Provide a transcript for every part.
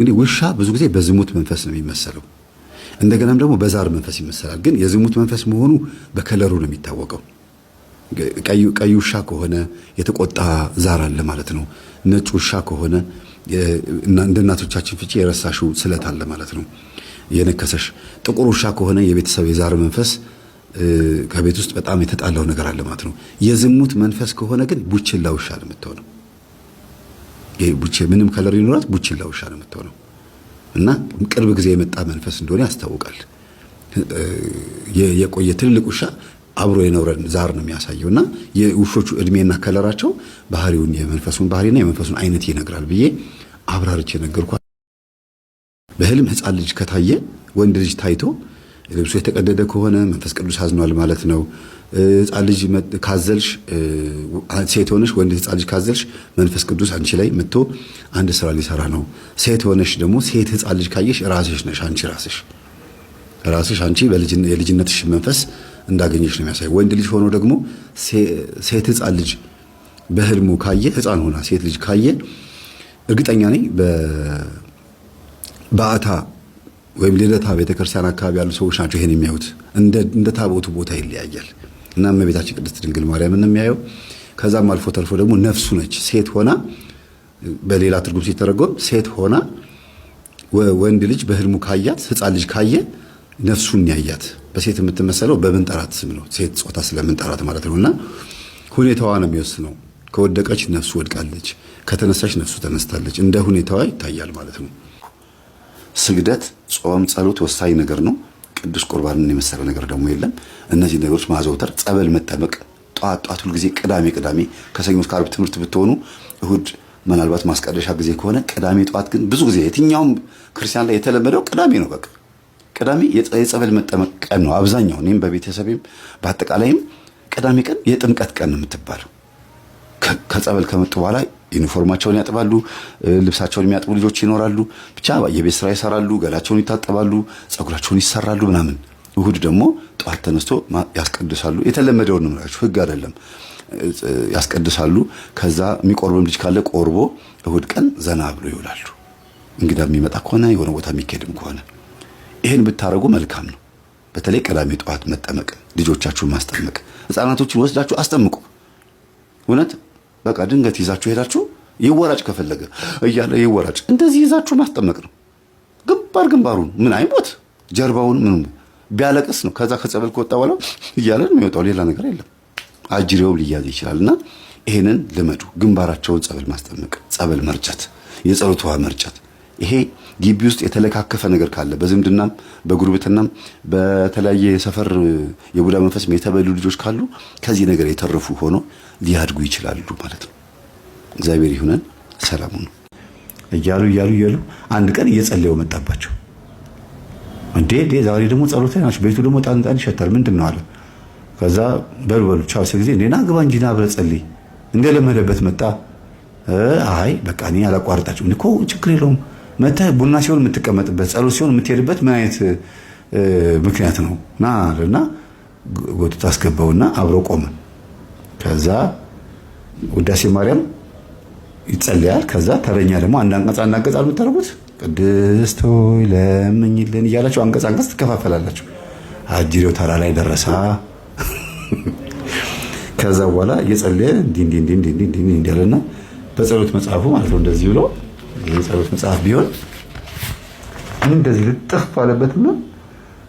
እንግዲህ ውሻ ብዙ ጊዜ በዝሙት መንፈስ ነው የሚመሰለው። እንደገናም ደግሞ በዛር መንፈስ ይመሰላል። ግን የዝሙት መንፈስ መሆኑ በከለሩ ነው የሚታወቀው። ቀይ ውሻ ከሆነ የተቆጣ ዛር አለ ማለት ነው። ነጭ ውሻ ከሆነ እንደ እናቶቻችን ፍቺ የረሳሽው ስለት አለ ማለት ነው የነከሰሽ። ጥቁር ውሻ ከሆነ የቤተሰብ የዛር መንፈስ ከቤት ውስጥ በጣም የተጣላው ነገር አለ ማለት ነው። የዝሙት መንፈስ ከሆነ ግን ቡችላ ውሻ ነው የምትሆነው። ይሄ ቡቼ ምንም ከለር ይኖራት ቡችላ ውሻ ነው የምትሆነው እና ቅርብ ጊዜ የመጣ መንፈስ እንደሆነ ያስታውቃል። የቆየ ትልልቅ ውሻ አብሮ የኖረን ዛር ነው የሚያሳየው እና የውሾቹ እድሜና ከለራቸው ባህሪውን የመንፈሱን ባህሪና የመንፈሱን አይነት ይነግራል ብዬ አብራርቼ ነገርኳ። በህልም ህፃን ልጅ ከታየ ወንድ ልጅ ታይቶ ልብሱ የተቀደደ ከሆነ መንፈስ ቅዱስ አዝኗል ማለት ነው። ህፃን ልጅ ካዘልሽ ሴት ሆነሽ ወንድ ህፃን ልጅ ካዘልሽ መንፈስ ቅዱስ አንቺ ላይ መጥቶ አንድ ስራ ሊሰራ ነው። ሴት ሆነሽ ደግሞ ሴት ህፃን ልጅ ካየሽ ራስሽ ነሽ አንቺ ራስሽ ራስሽ አንቺ የልጅነትሽ መንፈስ እንዳገኘሽ ነው የሚያሳይ። ወንድ ልጅ ሆኖ ደግሞ ሴት ህፃን ልጅ በህልሙ ካየ ህፃን ሆና ሴት ልጅ ካየ እርግጠኛ ነኝ በአታ ወይም ልደታ ቤተክርስቲያን አካባቢ ያሉ ሰዎች ናቸው ይሄን የሚያዩት። እንደ ታቦቱ ቦታ ይለያያል። እና እመቤታችን ቅድስት ድንግል ማርያምን የሚያየው ከዛም አልፎ ተርፎ ደግሞ ነፍሱ ነች ሴት ሆና በሌላ ትርጉም ሲተረጎም ሴት ሆና ወንድ ልጅ በህልሙ ካያት ህፃን ልጅ ካየ ነፍሱን ያያት በሴት የምትመሰለው በምንጠራት ስም ነው ሴት ጾታ ስለምንጠራት ማለት ነው እና ሁኔታዋ ነው የሚወስነው ከወደቀች ነፍሱ ወድቃለች ከተነሳች ነፍሱ ተነስታለች እንደ ሁኔታዋ ይታያል ማለት ነው ስግደት ጾም ጸሎት ወሳኝ ነገር ነው ቅዱስ ቁርባንን የመሰለ ነገር ደግሞ የለም። እነዚህ ነገሮች ማዘውተር፣ ጸበል መጠመቅ ጠዋት ጠዋት ሁልጊዜ ቅዳሜ ቅዳሜ ከሰኞ እስከ ዓርብ ትምህርት ብትሆኑ እሁድ ምናልባት ማስቀደሻ ጊዜ ከሆነ ቅዳሜ ጠዋት ግን ብዙ ጊዜ የትኛውም ክርስቲያን ላይ የተለመደው ቅዳሜ ነው። በቃ ቅዳሜ የጸበል መጠመቅ ቀን ነው። አብዛኛው እኔም በቤተሰቤም በአጠቃላይም ቅዳሜ ቀን የጥምቀት ቀን የምትባለው ከጸበል ከመጡ በኋላ ዩኒፎርማቸውን ያጥባሉ፣ ልብሳቸውን የሚያጥቡ ልጆች ይኖራሉ። ብቻ የቤት ስራ ይሰራሉ፣ ገላቸውን ይታጠባሉ፣ ጸጉራቸውን ይሰራሉ ምናምን። እሁድ ደግሞ ጠዋት ተነስቶ ያስቀድሳሉ። የተለመደውን ነው ህግ አይደለም። ያስቀድሳሉ። ከዛ የሚቆርብም ልጅ ካለ ቆርቦ እሁድ ቀን ዘና ብሎ ይውላሉ። እንግዳ የሚመጣ ከሆነ የሆነ ቦታ የሚካሄድም ከሆነ ይህን ብታደረጉ መልካም ነው። በተለይ ቅዳሜ ጠዋት መጠመቅ፣ ልጆቻችሁን ማስጠመቅ፣ ህፃናቶችን ወስዳችሁ አስጠምቁ እውነት በቃ ድንገት ይዛችሁ ሄዳችሁ ይወራጭ ከፈለገ እያለ ይወራጭ እንደዚህ ይዛችሁ ማስጠመቅ ነው። ግንባር ግንባሩን ምን አይሞት ጀርባውን ምን ቢያለቅስ ነው። ከዛ ከጸበል ከወጣ በኋላ እያለ ነው የሚወጣው። ሌላ ነገር የለም። አጅሬውም ሊያዝ ይችላል። እና ይሄንን ልመዱ። ግንባራቸውን ጸበል ማስጠመቅ፣ ጸበል መርጨት፣ የጸሎት ውሃ መርጨት። ይሄ ግቢ ውስጥ የተለካከፈ ነገር ካለ በዝምድናም በጉርብትናም በተለያየ የሰፈር የቡዳ መንፈስ የተበሉ ልጆች ካሉ ከዚህ ነገር የተረፉ ሆኖ ሊያድጉ ይችላሉ ማለት ነው። እግዚአብሔር ይሁነን። ሰላሙ ነው እያሉ እያሉ እያሉ አንድ ቀን እየጸለዩ መጣባቸው። እንዴ እንዴ ዛሬ ደግሞ ጸሎት ላይ ናቸው። ቤቱ ደግሞ ጣንጣን ይሸታል። ምንድን ነው አለ። ከዛ በሉ በሉ ቻው ሲል ጊዜ እንዴና ግባ እንጂ ና አብረን ጸልይ እንደለመደበት መጣ። አይ በቃ እኔ አላቋርጣችሁ እኮ ችግር የለውም መተህ ቡና ሲሆን የምትቀመጥበት ጸሎት ሲሆን የምትሄድበት ምን አይነት ምክንያት ነው? ና አለና ጎጥቶ አስገባውና አብረው ቆመን ከዛ ውዳሴ ማርያም ይጸልያል። ከዛ ተረኛ ደግሞ አንድ አንቀጽ አንድ አንቀጽ የምታደርጉት ቅድስት ሆይ ለምኝልን እያላችሁ አንቀጽ አንቀጽ ትከፋፈላላችሁ። አጅሬው ተራ ላይ ደረሳ። ከዛ በኋላ እየጸለየ እንዲህ እንዲህ እንዲህ እንዲህ እንዲህ እንዲህ ያለና በጸሎት መጽሐፉ ማለት ነው እንደዚህ ብሎ የጸሎት መጽሐፍ ቢሆን ምን እንደዚህ ልጥፍ ባለበትና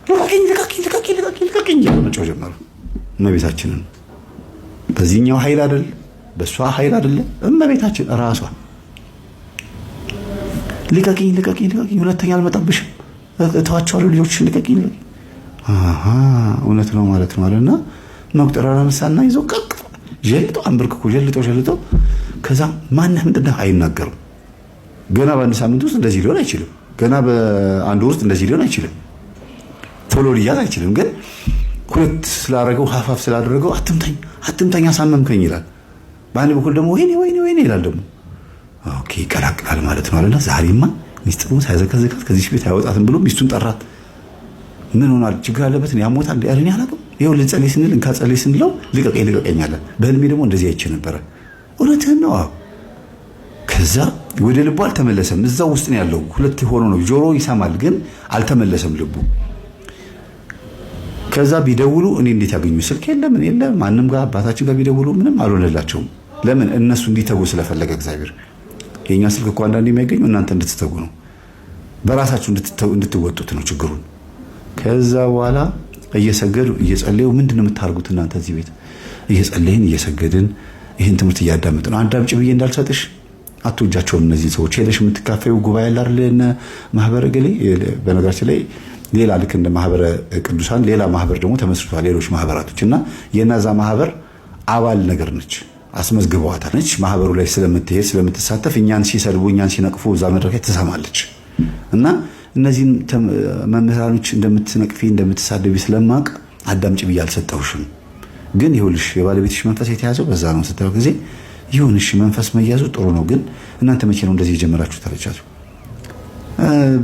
ልቀቀኝ ልቀቀኝ ልቀቀኝ ልቀቀኝ እያሉ መጫወት ጀመሩ እመቤታችንን በዚህኛው ኃይል አይደል፣ በእሷ ኃይል አይደለ። እመቤታችን ራሷ ልቀቂኝ፣ ልቀቂኝ፣ ልቀቂኝ፣ ሁለተኛ አልመጣብሽም፣ እተዋቸዋለሁ ልጆችሽን፣ ልቀቂኝ፣ ልቀቂኝ። አሃ እውነት ነው ማለት ነው አለና መቁጠሪያ ለምሳና ይዞ ቀቅ ጀልጦ አንብርክኮ ጀልጦ ጀልጦ ከዛ ማንም ምንድነው አይናገርም። ገና በአንድ ሳምንት ውስጥ እንደዚህ ሊሆን አይችልም። ገና በአንድ ወር ውስጥ እንደዚህ ሊሆን አይችልም። ቶሎ ሊያዝ አይችልም ግን ሁለት ስላደረገው ሀፋፍ ስላደረገው አትምታኝ አትምታኝ አሳመምከኝ ይላል። በአንድ በኩል ደግሞ ወይኔ ወይኔ ወይኔ ይላል። ደግሞ ኦኬ ይቀላቅላል ማለት ነው አለና ዛሬማ ሚስጥሩ ሳያዘከዘካት ከዚህ ቤት አይወጣትም ብሎ ሚስቱን ጠራት። ምን ሆኗል? ችግር አለበት ያሞታል ያለን አላውቅም። ይኸው ልንጸልይ ስንል እንካ ጸልይ ስንለው ልቀቀኝ ልቀቀኝ አለ። በህልሜ ደግሞ እንደዚህ አይቼ ነበረ። እውነትህን ነው። ከዛ ወደ ልቡ አልተመለሰም። እዛው ውስጥ ነው ያለው። ሁለት ሆኖ ነው ጆሮ ይሰማል፣ ግን አልተመለሰም ልቡ ከዛ ቢደውሉ እኔ እንዴት ያገኙ? ስልክ የለም የለ ማንም ጋር አባታችን ጋር ቢደውሉ ምንም አልሆነላቸውም። ለምን እነሱ እንዲተጉ ስለፈለገ እግዚአብሔር። የእኛ ስልክ እኮ አንዳንድ የሚያገኙ እናንተ እንድትተጉ ነው፣ በራሳችሁ እንድትወጡት ነው ችግሩን። ከዛ በኋላ እየሰገዱ እየጸለዩ ምንድን ነው የምታደርጉት እናንተ እዚህ ቤት እየጸለይን እየሰገድን ይህን ትምህርት እያዳመጥ ነው። አዳምጪ ብዬ እንዳልሰጥሽ አትወጃቸውም እነዚህ ሰዎች ሄደሽ የምትካፈዩ ጉባኤ ላርልን ማህበረ ገሌ በነገራችን ላይ ሌላ ልክ እንደ ማህበረ ቅዱሳን ሌላ ማህበር ደግሞ ተመስርቷል። ሌሎች ማህበራቶች እና የእነዛ ማህበር አባል ነገር ነች፣ አስመዝግበዋታል ነች። ማህበሩ ላይ ስለምትሄድ ስለምትሳተፍ እኛን ሲሰድቡ እኛን ሲነቅፉ እዛ መድረክ ላይ ትሰማለች እና እነዚህን መምህራኖች እንደምትነቅፊ እንደምትሳደቢ ስለማቅ አዳምጭ ብዬ አልሰጠሁሽም። ግን ይሁልሽ የባለቤትሽ መንፈስ የተያዘው በዛ ነው ስታየው ጊዜ ይሁንሽ መንፈስ መያዙ ጥሩ ነው። ግን እናንተ መቼ ነው እንደዚህ የጀመራችሁ? ተረቻችሁ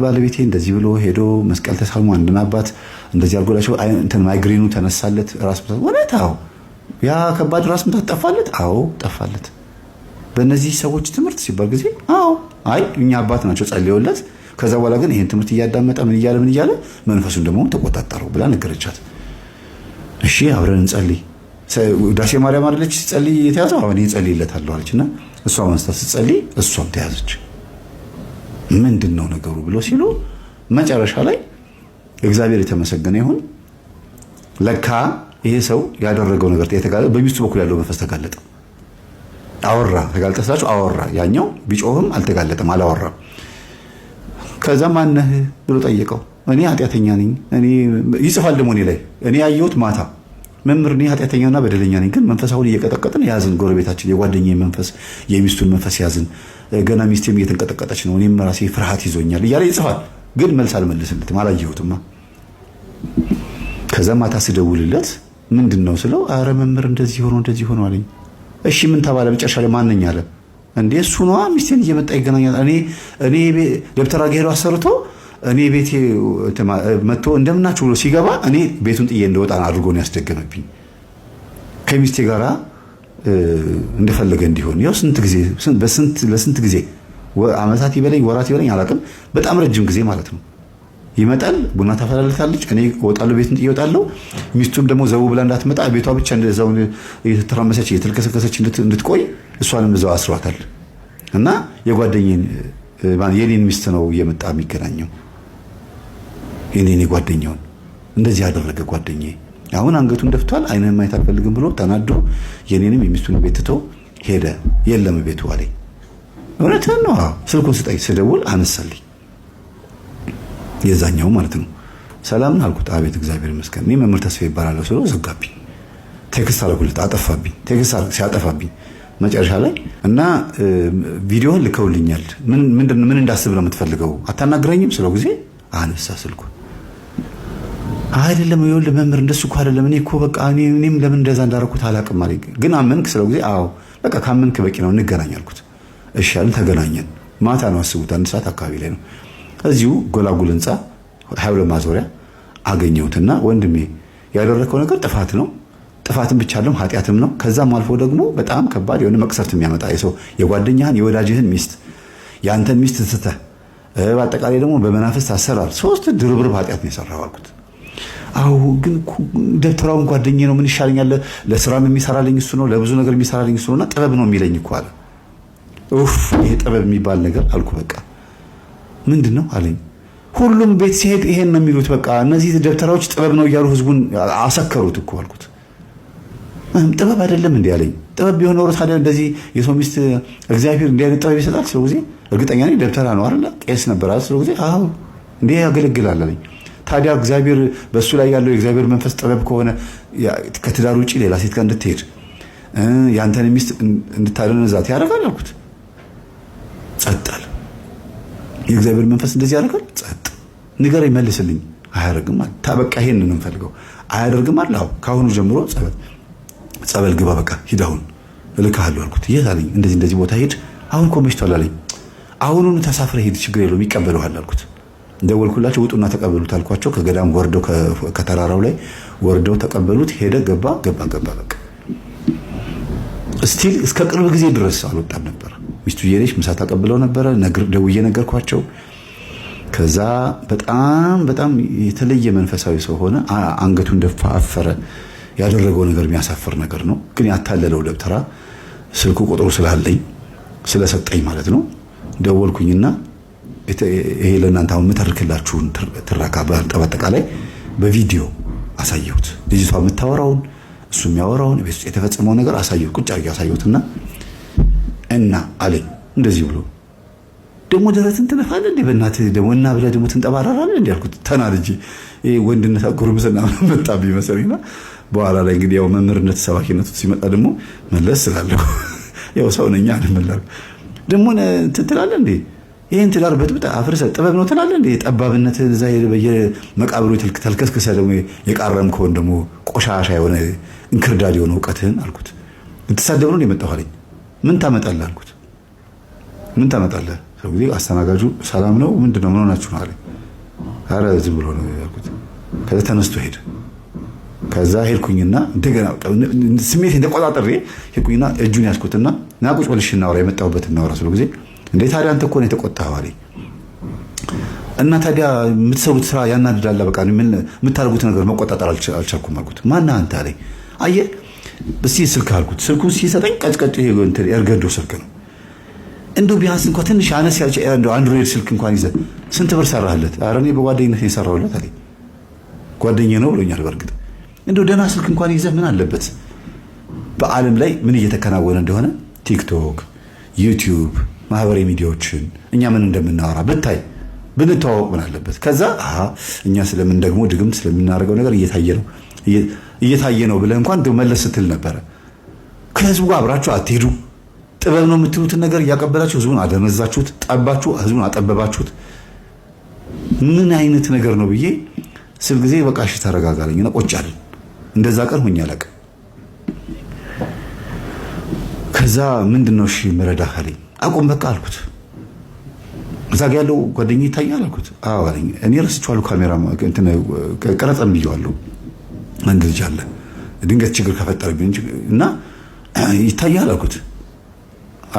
ባለቤቴ እንደዚህ ብሎ ሄዶ መስቀል ተሳልሞ አንድን አባት እንደዚህ እንትን ማይግሪኑ ተነሳለት። ራስ ምታት ወለት? አዎ። ያ ከባድ ራስ ምታት ጠፋለት? አዎ ጠፋለት። በእነዚህ ሰዎች ትምህርት ሲባል ጊዜ አዎ፣ አይ እኛ አባት ናቸው ጸልዮለት ከዛ በኋላ ግን ይህን ትምህርት እያዳመጠ ምን እያለ ምን እያለ መንፈሱን ደግሞ ተቆጣጠረው ብላ ነገረቻት። እሺ አብረን እንጸልይ። ዳሴ ማርያም አለች ጸልይ የተያዘው አሁን ይጸልይለታለሁ አለች እና እሷ መንስታት ስትጸልይ እሷም ተያዘች። ምንድን ነው ነገሩ ብሎ ሲሉ መጨረሻ ላይ እግዚአብሔር የተመሰገነ ይሁን ለካ ይሄ ሰው ያደረገው ነገር በሚስቱ በኩል ያለው መንፈስ ተጋለጠ። አወራ ተጋለጠ ስላችሁ አወራ። ያኛው ቢጮህም አልተጋለጠም፣ አላወራም። ከዛ ማነህ ብሎ ጠየቀው። እኔ ኃጢአተኛ ነኝ። ይጽፋል ደግሞ እኔ ላይ እኔ ያየሁት ማታ መምህር እኔ ኃጢአተኛና በደለኛ ነኝ፣ ግን መንፈስ አሁን እየቀጠቀጥን ያዝን። ጎረቤታችን የጓደኛ መንፈስ፣ የሚስቱን መንፈስ ያዝን ገና ሚስቴም እየተንቀጠቀጠች ነው፣ እኔም ራሴ ፍርሃት ይዞኛል እያለ ይጽፋል። ግን መልስ አልመልስለትም፣ አላየሁትማ። ከዛ ማታ ስደውልለት ምንድን ነው ስለው፣ አረ መምህር እንደዚህ ሆኖ እንደዚህ ሆኖ አለኝ። እሺ ምን ተባለ? መጨረሻ ላይ ማነኝ አለ። እንዴ እሱ ነዋ፣ ሚስቴን እየመጣ ይገናኛል። እኔ እኔ ደብተራ ሄዶ አሰርቶ እኔ ቤቴ መጥቶ እንደምናችሁ ብሎ ሲገባ እኔ ቤቱን ጥዬ እንደወጣን አድርጎ ነው ያስደገመብኝ ከሚስቴ ጋራ እንደፈለገ እንዲሆን ያው ስንት ጊዜ በስንት ለስንት ጊዜ አመታት ይበለኝ ወራት ይበለኝ አላውቅም። በጣም ረጅም ጊዜ ማለት ነው። ይመጣል፣ ቡና ታፈላልታለች፣ እኔ እወጣለሁ፣ ቤት እወጣለሁ። ሚስቱም ደግሞ ዘው ብላ እንዳትመጣ ቤቷ ብቻ እንደዛው እየተተራመሰች እየተልከሰከሰች እንድትቆይ እሷንም እዛው አስሯታል። እና የጓደኛዬን የኔን ሚስት ነው እየመጣ የሚገናኘው የኔን የጓደኛውን እንደዚህ ያደረገ ጓደኛዬ አሁን አንገቱን ደፍቷል። አይነ ማየት አልፈልግም ብሎ ተናዶ የኔንም የሚስቱን ቤት ትቶ ሄደ። የለም ቤቱ አለኝ። እውነት ነው። ስልኩን ስጠኝ። ስደውል አነሳልኝ። የዛኛው ማለት ነው። ሰላምን ነህ አልኩት። አቤት እግዚአብሔር ይመስገን። እኔ መምህር ተስፋ ይባላለሁ ስለው ዘጋብኝ። ቴክስት አደረኩለት፣ አጠፋብኝ። ቴክስት ሲያጠፋብኝ መጨረሻ ላይ እና ቪዲዮን ልከውልኛል። ምን እንዳስብ ነው የምትፈልገው? አታናግረኝም ስለው ጊዜ አነሳ ስልኩን። አይደለም የወልድ መምህር እንደሱ እኮ አይደለም። እኔ እኮ በቃ እኔም ለምን እንደዛ እንዳደረኩት አላውቅም አለኝ። ግን አመንክ ስለው ጊዜ አዎ በቃ ካመንክ በቂ ነው እንገናኝ አልኩት። እሺ አለን። ተገናኘን። ማታ ነው አስቡት፣ አንድ ሰዓት አካባቢ ላይ ነው። እዚሁ ጎላጉል ህንፃ ሀይሎ ማዞሪያ አገኘሁትና ወንድሜ ያደረከው ነገር ጥፋት ነው። ጥፋትም ብቻ አለም ኃጢአትም ነው። ከዛም አልፎ ደግሞ በጣም ከባድ የሆነ መቅሰፍት የሚያመጣ የሰው የጓደኛህን የወዳጅህን ሚስት የአንተን ሚስት ትተህ በአጠቃላይ ደግሞ በመናፍስት አሰራር ሶስት ድርብርብ ኃጢአት ነው የሰራው አልኩት። አዎ ግን ደብተራውን ጓደኛዬ ነው። ምን ይሻለኛል? ለስራም የሚሰራልኝ እሱ ነው፣ ለብዙ ነገር የሚሰራልኝ እሱ ነውና ጥበብ ነው የሚለኝ እኮ አለ። ኡፍ ይሄ ጥበብ የሚባል ነገር አልኩ። በቃ ምንድን ነው አለኝ። ሁሉም ቤት ሲሄድ ይሄን ነው የሚሉት። በቃ እነዚህ ደብተራዎች ጥበብ ነው እያሉ ህዝቡን አሰከሩት እኮ አልኩት። ጥበብ አይደለም እንዲህ አለኝ። ጥበብ ቢሆን ኖሮ ታዲያ እንደዚህ የሰው ሚስት እግዚአብሔር እንዲህ አይነት ጥበብ ይሰጣል ስለ ጊዜ እርግጠኛ ነኝ። ደብተራ ነው አይደለ? ቄስ ነበር አለ ስለ ጊዜ እንዲህ ያገለግላል አለኝ። ታዲያ እግዚአብሔር በእሱ ላይ ያለው የእግዚአብሔር መንፈስ ጥበብ ከሆነ ከትዳር ውጭ ሌላ ሴት ጋር እንድትሄድ ያንተን ሚስት እንድታደነዛት ያደርጋል አልኩት። ጸጣል። የእግዚአብሔር መንፈስ እንደዚህ ያደርጋል። ጸጥ ንገር ይመልስልኝ። አያደርግም አለ። ታበቃ ይሄን ነው የምፈልገው። አያደርግም አለ። አዎ ከአሁኑ ጀምሮ ጸበል ጸበል ግባ፣ በቃ ሂድ፣ አሁን እልክሃለሁ አልኩት። የት አለኝ። እንደዚህ እንደዚህ ቦታ ሂድ፣ አሁን እኮ መሽቷል አለኝ። አሁኑኑ ተሳፍረ ሂድ፣ ችግር የለውም ይቀበለዋል አልኩት። ደወልኩላቸው ውጡና ተቀበሉት አልኳቸው። ከገዳም ወርደው ከተራራው ላይ ወርደው ተቀበሉት። ሄደ ገባ ገባ ገባ በቃ እስቲል እስከ ቅርብ ጊዜ ድረስ አልወጣም ነበር። ሚስቱ የሌሽ ምሳ ተቀብለው ነበረ። ደውዬ ነገርኳቸው። ከዛ በጣም በጣም የተለየ መንፈሳዊ ሰው ሆነ። አንገቱን ደፋ አፈረ። ያደረገው ነገር የሚያሳፍር ነገር ነው። ግን ያታለለው ደብተራ ስልኩ ቁጥሩ ስላለኝ ስለሰጠኝ ማለት ነው ደወልኩኝና ይሄ ለእናንተ አሁን የምተርክላችሁን ትረካ በአጠቃላይ በቪዲዮ አሳየሁት። ልጅቷ የምታወራውን እሱ የሚያወራውን ቤት ውስጥ የተፈጸመው ነገር አሳየሁት። ቁጭ አድርጌ አሳየሁትና እና አለኝ እንደዚህ ብሎ ደግሞ ደረትን ትነፋለህ እንዴ? በእናትህ ደግሞ እና ብለህ ደግሞ ትንጠባረራለህ እንዲ ያልኩት ተናድጄ፣ ይሄ ወንድነት ጉርምስና መጣብኝ መሰለኝና በኋላ ላይ እንግዲህ ያው መምህርነት ሰባኪነቱ ሲመጣ ደግሞ መለስ ስላለሁ ያው ሰው ነኝ አልመላለሁ ደግሞ ትትላለህ እንዴ ይህን ትዳር በጥብጥ አፍርሰ ጥበብ ነው ትላለህ እንዴ? ጠባብነት እዛ በየመቃብሩ ተልከስክሰ ደግሞ የቃረም ከሆን ደግሞ ቆሻሻ የሆነ እንክርዳድ የሆነ እውቀትህን አልኩት። ልትሳደብ ነው የመጣሁ አለኝ። ምን ታመጣለ አልኩት። ምን ታመጣለ ሰው ጊዜ አስተናጋጁ ሰላም ነው ምንድን ነው ምን ሆናችሁ ነው አለኝ። ኧረ ዝም ብሎ ነው ያልኩት። ከዛ ተነስቶ ሄደ። ከዛ ሄድኩኝና እንደገና ስሜት እንደቆጣጠሬ ሄድኩኝና እጁን ያዝኩትና ናቁጭ በልሽ እናውራ የመጣሁበት እናውራ ስለ ጊዜ እንዴ ታዲያ አንተ እኮ ነው የተቆጣኸው አለኝ። እና ታዲያ የምትሰሩት ስራ ያናድዳል። በቃ የምታደርጉት ነገር መቆጣጠር አልቻልኩም አልኩት። ማን አንተ አለኝ። አየህ እስኪ ስልክ አልኩት። ስልኩ ሲሰጠኝ ቀጭቀጭ የእርገዶ ስልክ ነው። እንዶ ቢያንስ እንኳ ትንሽ አነስ ያልች አንድሮይድ ስልክ እንኳን ይዘ ስንት ብር ሰራህለት? ኧረ እኔ በጓደኝነት የሰራሁለት አለኝ። ጓደኛዬ ነው ብሎኛል። በእርግጥ እንዶ ደህና ስልክ እንኳን ይዘ ምን አለበት? በዓለም ላይ ምን እየተከናወነ እንደሆነ ቲክቶክ፣ ዩቲዩብ ማህበራዊ ሚዲያዎችን እኛ ምን እንደምናወራ ብታይ ብንተዋወቅ ምን አለበት? ከዛ እኛ ስለምን ደግሞ ድግምት ስለምናደርገው ነገር እየታየ ነው እየታየ ነው ብለህ እንኳን መለስ ስትል ነበረ። ከህዝቡ ጋር አብራችሁ አትሄዱ። ጥበብ ነው የምትሉትን ነገር እያቀበላችሁ ህዝቡን አደመዛችሁት፣ ጠባችሁ፣ ህዝቡን አጠበባችሁት። ምን አይነት ነገር ነው ብዬ ስል ጊዜ በቃ እሺ ተረጋጋለኝና ቆጫለኝ። እንደዛ ቀን ሆኜ አላውቅም። ከዛ ምንድን ነው እሺ ምረዳ ካለኝ አቁም በቃ አልኩት። እዛ ጋ ያለው ጓደኛ ይታያል አልኩት። አዎ አለኝ። እኔ ረስቼዋለሁ ካሜራ ቀረጸን ብየዋለሁ። አንድ ልጅ አለ ድንገት ችግር ከፈጠረብኝ እና ይታያል አልኩት።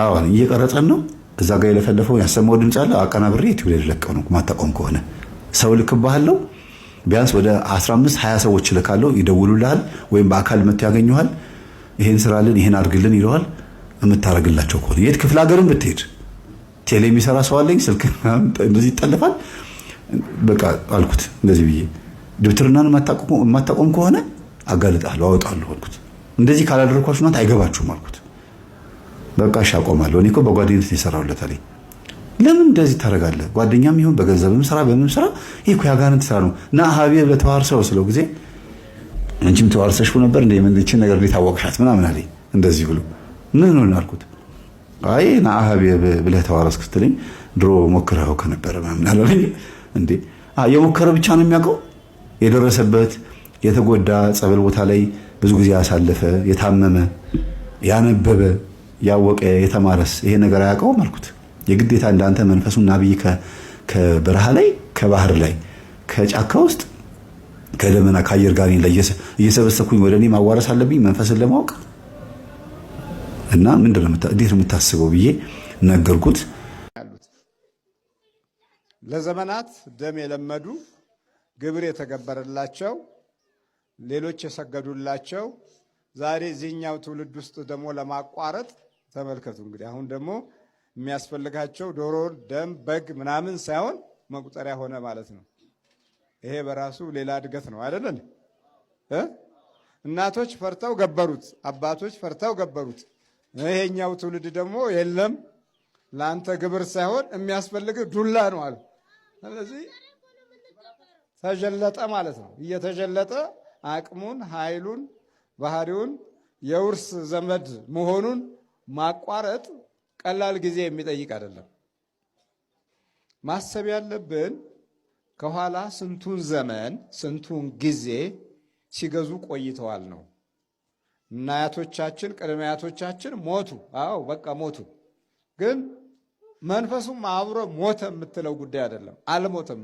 አዎ አለኝ። እየቀረጸን ነው። እዛ ጋ የለፈለፈው ያሰማው ድምፅ አለ። አቀናብሬ ዩቲዩብ ላይ ልለቀው ነው። ማታቆም ከሆነ ሰው ልክብሃለሁ ቢያንስ ወደ 15 20 ሰዎች ልካለው። ይደውሉልሃል ወይም በአካል መጥተው ያገኘዋል ይሄን ስራልን፣ ይሄን አድርግልን ይለዋል። የምታደርግላቸው ከሆነ የት ክፍለ ሀገርም ብትሄድ ቴሌ የሚሰራ ሰው አለኝ ስልክ እንደዚህ ይጠለፋል። በቃ አልኩት እንደዚህ ብዬ ድብትርናን የማታቆም ከሆነ አጋልጣለሁ፣ አወጣለሁ አልኩት። እንደዚህ ካላደረኳችሁ ናት አይገባችሁም አልኩት። በቃ እሺ አቆማለሁ። እኔ እኮ በጓደኝነት የሰራሁለት አለኝ። ለምን እንደዚህ ታደርጋለህ? ጓደኛም ይሁን በገንዘብም ስራ በምንም ስራ ይህ እኮ ያጋንንት ስራ ነው። ና ሀቢብ ለተዋርሰው ስለው ጊዜ አንቺም ተዋርሰሽ ነበር እንደ ምንችን ነገር እንዴት አወቅሻት ምናምን አለኝ እንደዚህ ብሎ ምን ነው አልኩት። አይ ናአህብ ብለህ ተዋረስ ስትለኝ ድሮ ሞክረው ከነበረ ምናምን አላለኝ እንዴ። የሞከረ ብቻ ነው የሚያውቀው የደረሰበት የተጎዳ ጸበል ቦታ ላይ ብዙ ጊዜ ያሳለፈ የታመመ ያነበበ ያወቀ የተማረስ ይሄ ነገር አያውቀውም አልኩት። የግዴታ እንዳንተ መንፈሱ ናብይ ከበረሃ ላይ ከባህር ላይ ከጫካ ውስጥ ከደመና ከአየር ጋር እየሰበሰብኩኝ ወደ እኔ ማዋረስ አለብኝ መንፈስን ለማወቅ እና ምንድን እንዴት ነው የምታስበው ብዬ ነገርኩት። ለዘመናት ደም የለመዱ ግብር የተገበረላቸው ሌሎች የሰገዱላቸው ዛሬ እዚህኛው ትውልድ ውስጥ ደግሞ ለማቋረጥ ተመልከቱ እንግዲህ አሁን ደግሞ የሚያስፈልጋቸው ዶሮ፣ ደም፣ በግ ምናምን ሳይሆን መቁጠሪያ ሆነ ማለት ነው። ይሄ በራሱ ሌላ እድገት ነው አይደለን? እናቶች ፈርተው ገበሩት፣ አባቶች ፈርተው ገበሩት። ይሄኛው ትውልድ ደግሞ የለም ለአንተ ግብር ሳይሆን የሚያስፈልግ ዱላ ነው አሉ። ስለዚህ ተጀለጠ ማለት ነው። እየተጀለጠ አቅሙን፣ ኃይሉን፣ ባህሪውን የውርስ ዘመድ መሆኑን ማቋረጥ ቀላል ጊዜ የሚጠይቅ አይደለም። ማሰብ ያለብን ከኋላ ስንቱን ዘመን ስንቱን ጊዜ ሲገዙ ቆይተዋል ነው። እናያቶቻችን ቅድመ አያቶቻችን ሞቱ። አዎ በቃ ሞቱ። ግን መንፈሱም አብሮ ሞተ የምትለው ጉዳይ አይደለም። አልሞተም።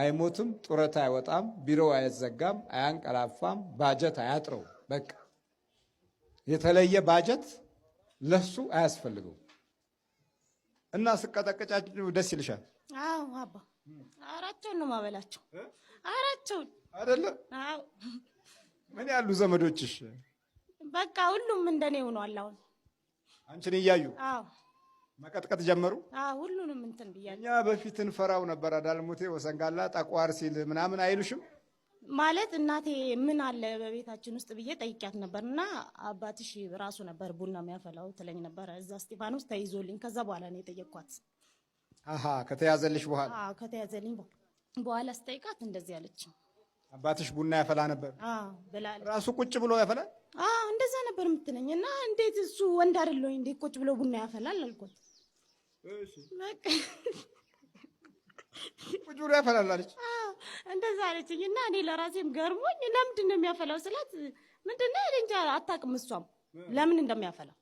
አይሞትም፣ ጡረት አይወጣም፣ ቢሮ አይዘጋም፣ አያንቀላፋም፣ ባጀት አያጥረው። በቃ የተለየ ባጀት ለሱ አያስፈልገው እና ስቀጠቀጫችን ደስ ይልሻል። አዎ አባ አራቸውን ነው ማበላቸው። አራቸውን አይደለም ምን ያሉ ዘመዶችሽ? በቃ ሁሉም እንደኔ ሆኗል። አሁን አንቺን እያዩ አዎ መቀጥቀጥ ጀመሩ። ሁሉንም እንትን ብያለሁ። እኛ በፊት እንፈራው ነበር። አዳልሙቴ ወሰንጋላ ጠቋር ሲል ምናምን አይሉሽም ማለት እናቴ ምን አለ በቤታችን ውስጥ ብዬ ጠይቂያት ነበር። እና አባትሽ ራሱ ነበር ቡና የሚያፈላው ትለኝ ነበረ። እዛ እስጢፋኖስ ተይዞልኝ ከዛ በኋላ ነው የጠየቅኳት። ከተያዘልሽ በኋላ ከተያዘልኝ በኋላ ስጠይቃት እንደዚህ አለችኝ። አባትሽ ቡና ያፈላ ነበር ራሱ ቁጭ ብሎ ያፈላል። እንደዛ ነበር የምትለኝ እና እንዴት እሱ ወንድ አይደለ እንዴት ቁጭ ብሎ ቡና ያፈላል አልኩት። ቁጭ ብሎ ያፈላል አለች። እንደዛ አለችኝ እና እኔ ለራሴም ገርሞኝ ለምንድን ነው የሚያፈላው ስላት ምንድን ነው እንጃ አታውቅም እሷም ለምን እንደሚያፈላው?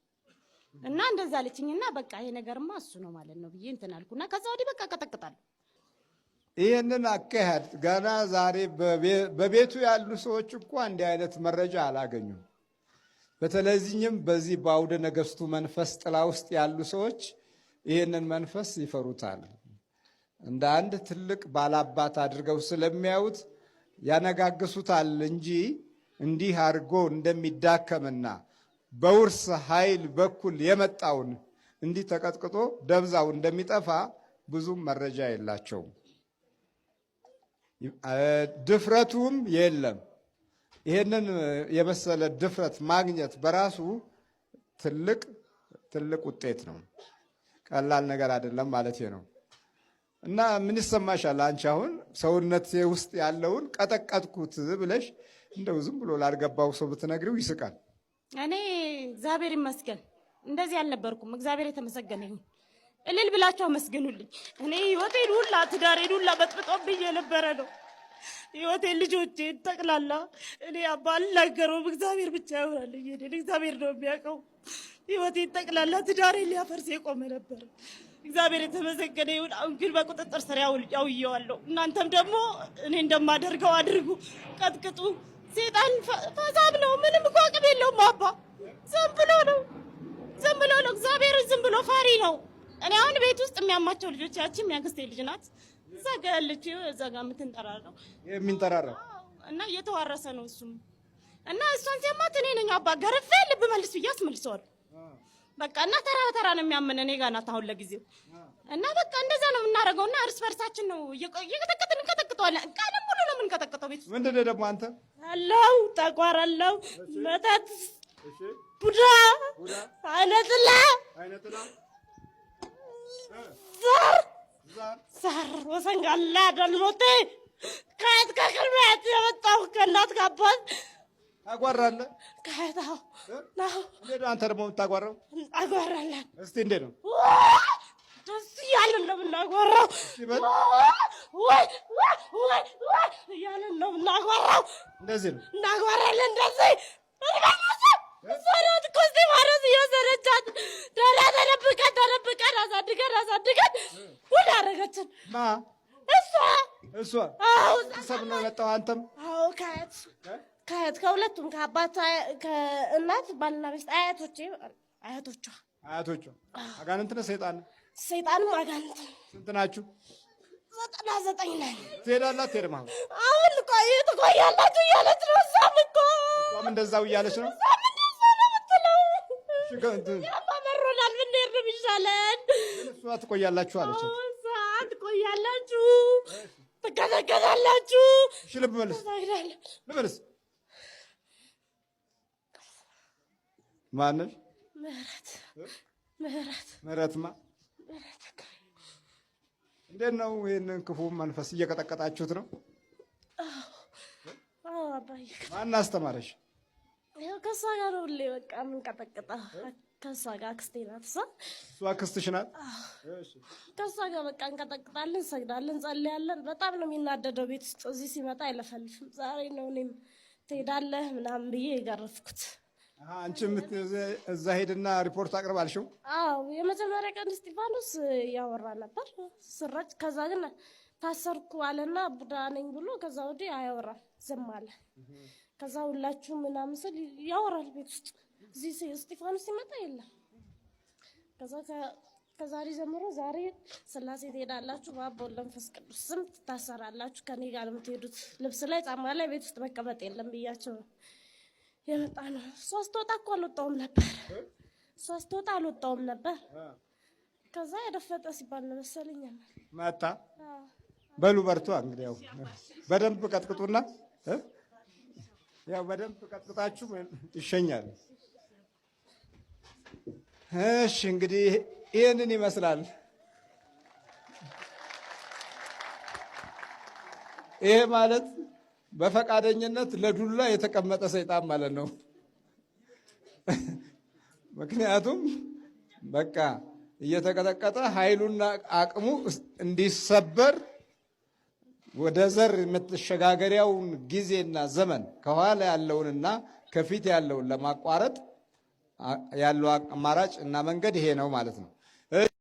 እና እንደዛ አለችኝ እና በቃ ይሄ ነገርማ እሱ ነው ማለት ነው ብዬ እንትን እና ከዛ ወዲህ በቃ ቀጠቅጣለሁ ይህንን አካሄድ ገና ዛሬ በቤቱ ያሉ ሰዎች እኮ እንዲህ አይነት መረጃ አላገኙም። በተለይም በዚህ በአውደ ነገስቱ መንፈስ ጥላ ውስጥ ያሉ ሰዎች ይህንን መንፈስ ይፈሩታል። እንደ አንድ ትልቅ ባላባት አድርገው ስለሚያዩት ያነጋግሱታል እንጂ እንዲህ አድርጎ እንደሚዳከምና በውርስ ኃይል በኩል የመጣውን እንዲህ ተቀጥቅጦ ደብዛው እንደሚጠፋ ብዙም መረጃ የላቸውም። ድፍረቱም የለም። ይሄንን የመሰለ ድፍረት ማግኘት በራሱ ትልቅ ትልቅ ውጤት ነው። ቀላል ነገር አይደለም ማለት ነው። እና ምን ይሰማሻል አንቺ አሁን ሰውነት ውስጥ ያለውን ቀጠቀጥኩት ብለሽ እንደው ዝም ብሎ ላልገባው ሰው ብትነግሪው ይስቃል። እኔ እግዚአብሔር ይመስገን እንደዚህ አልነበርኩም። እግዚአብሔር የተመሰገነ ይሁን። እልል ብላችሁ አመስግኑልኝ። እኔ ህይወቴን ሁላ ትዳሬን ሁላ በጥብጦብኝ የነበረ ነው። ህይወቴን ልጆቼን ጠቅላላ እኔ አባ አልናገረውም። እግዚአብሔር ብቻ ይሆናልኝ። እኔን እግዚአብሔር ነው የሚያውቀው። ህይወቴን ጠቅላላ ትዳሬን ሊያፈርስ የቆመ ነበር። እግዚአብሔር የተመሰገነ ይሁን። አሁን ግን በቁጥጥር ስር ያውየዋለሁ። እናንተም ደግሞ እኔ እንደማደርገው አድርጉ፣ ቀጥቅጡ። ሴጣን ፈዛብ ነው። ምንም እኮ አቅም የለውም። አባ ዝም ብሎ ነው፣ ዝም ብሎ ነው። እግዚአብሔር ዝም ብሎ ፈሪ ነው። እኔ አሁን ቤት ውስጥ የሚያማቸው ልጆች ያቺ ያክስቴ ልጅ ናት። እዛ ጋ ያለችው እዛ ጋ የምትንጠራራው የሚንጠራራው እና እየተዋረሰ ነው እሱም እና እሷን ሲያማት እኔ ነኝ አባ ገርፌ ልብ መልስ ብዬ አስመልሰዋል። በቃ እና ተራ ተራ ነው የሚያምን እኔ ጋ ናት አሁን ለጊዜው እና በቃ እንደዛ ነው የምናደርገው። እና እርስ በርሳችን ነው እየቀጠቀጥን እንቀጠቅጠዋለን። ቀንም ሙሉ ነው የምንቀጠቅጠው ቤት ውስጥ ምንድን ነው ደግሞ አንተ አለው ጠቋር አለው መጠጥ ቡዳ አይነትላ ዛር ዛር ወሰን ጋላ ዳልሞቴ ከየት ከቅርበት የመጣው ከእናት ከአባት ታጓራለህ። ከየት አዎ፣ እንዴት ነው አንተ ደግሞ የምታጓራው? አጓራለን። እስቲ እንዴት ነው ደስ እያለን ነው የምናጓራው። ወይ ወይ እያለን ነው የምናጓራው። እንደዚህ ነው እናጓራለን እንደዚህ ሰራት እኮ እስጢፋኖስ እየወሰደቻት ደህና ተደብቀን ተደብቀን አሳድገን አሳድገን ውድ አደረገችን። እሷ እሷ ሰብ ነው የመጣው። አንተም አዎ፣ ከአያት ከአያት ከሁለቱም ከአባት ከእናት ባልና ሚስት አያቶቼ አያቶቿ አያቶቿ አጋንንት ነው ሰይጣን ሰይጣንም አጋንንት ስንት ናችሁ? ዘጠና ዘጠኝ ነን። ትሄዳላት ትሄድማ አሁን ቆይ ትቆያላችሁ እያለች ነው። እሷም እኮ እሷም እንደዛው እያለች ነው በሮናል ብንሄድ ነው የሚሻለን። እሷ ትቆያላችሁ አለች። ትቆያላችሁ፣ ማነሽ? ምህረትማ እንዴት ነው? ይህንን ክፉ መንፈስ እየቀጠቀጣችሁት ነው? ማን አስተማረሽ? ይኸው ከእሷ ጋር ነው ሁሌ በቃ የምንቀጠቅጠው። ከእሷ ጋር አክስቴ ናት፣ እሷ እሷ አክስትሽ ናት። ከእሷ ጋር በቃ እንቀጠቅጣለን፣ እንሰግዳለን፣ እንጸልያለን። በጣም ነው የሚናደደው ቤት ውስጥ እዚህ ሲመጣ አይለፈልፍም። ዛሬ ነው እኔም ትሄዳለህ ምናምን ብዬ የገረፍኩት። አንቺ እዛ ሄድና ሪፖርት አቅርባልሽው? አዎ የመጀመሪያ ቀን እስጢፋኖስ ያወራ ነበር ስረጭ። ከዛ ግን ታሰርኩ አለና ቡዳ ነኝ ብሎ ከዛ ወዲህ አያወራም፣ ዝም አለ። ከዛ ሁላችሁ ምናምን ስል ያወራል ቤት ውስጥ እዚህ እስጢፋኖስ ሲመጣ የለም። ከዛ ከዛሬ ጀምሮ ዛሬ ስላሴ ትሄዳላችሁ፣ በአብ ቅዱስ ስም ትታሰራላችሁ። ከኔ ጋር የምትሄዱት ልብስ ላይ ጫማ ላይ ቤት ውስጥ መቀመጥ የለም ብያቸው የመጣ ነው። እሷ ስትወጣ እኮ አልወጣውም ነበር። እሷ ስትወጣ አልወጣውም ነበር። ከዛ የደፈጠ ሲባል ነው መሰለኝ መጣ። በሉ በርቷ እንግዲህ ያው በደንብ ቀጥቅጡና ያው በደንብ ቀጥታችሁ ይሸኛል። እሺ እንግዲህ ይህንን ይመስላል። ይሄ ማለት በፈቃደኝነት ለዱላ የተቀመጠ ሰይጣን ማለት ነው። ምክንያቱም በቃ እየተቀጠቀጠ ኃይሉና አቅሙ እንዲሰበር ወደ ዘር የምትሸጋገሪያውን ጊዜና ዘመን ከኋላ ያለውንና ከፊት ያለውን ለማቋረጥ ያለው አማራጭ እና መንገድ ይሄ ነው ማለት ነው።